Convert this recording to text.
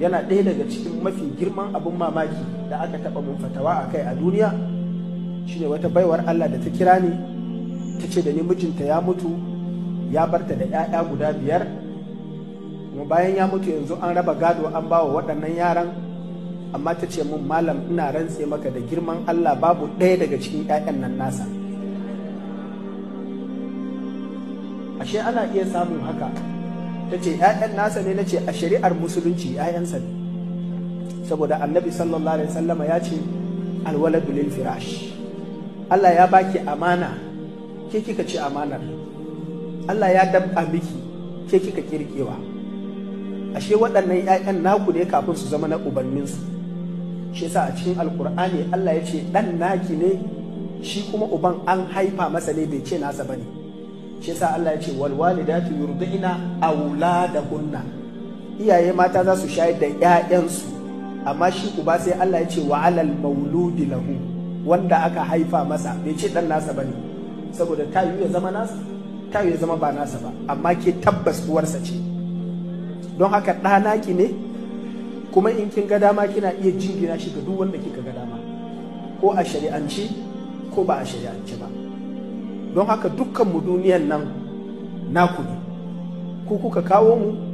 yana ɗaya daga cikin mafi girman abin mamaki da aka taɓa mun fatawa a kai a duniya shine wata baiwar Allah da ta kira ni ta ce da ni mijinta ya mutu ya barta da 'ya'ya guda biyar kuma bayan ya mutu yanzu an raba gado an bawa waɗannan yaran amma ta ce mun malam ina rantse maka da girman Allah babu ɗaya daga cikin 'ya'yan nan nasa ashe ana iya samun haka ta ce ‘ya'yan nasa ne na ce a shari'ar musulunci ‘ya'yansa ne saboda annabi sallallahu alaihi sallama ya ce Alwala bilin firash Allah ya baki amana ke kika ce amanar Allah ya dabba miki ke kika kirkewa ashe waɗannan ‘ya'yan naku ne kafin su zama na ubanninsu shi yasa a cikin alkur'ani Allah ya ce ɗan naki ne shi kuma uban an haifa masa ne bai ce nasa ba ne shi sa Allah ya ce wal aula da auladakunna iyaye mata za su shayar da ƴaƴansu amma shi uba sai Allah ya ce wa alal mauludi lahu wanda aka haifa masa bai ce dan nasa bane saboda ta ya zama nasa ta ya zama ba nasa ba amma ke tabbas uwarsa ce don haka ɗana ki ne kuma in kin ga dama kina iya jingina shi ga duk wanda kika ga dama ko a shari'anci ko ba a shari'anci ba don haka dukkanmu duniyan nan naku ne ku kuka kawo mu